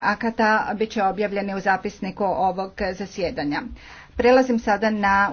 akata bit će objavljeni u zapisniku ovog zasjedanja. Prelazim sada na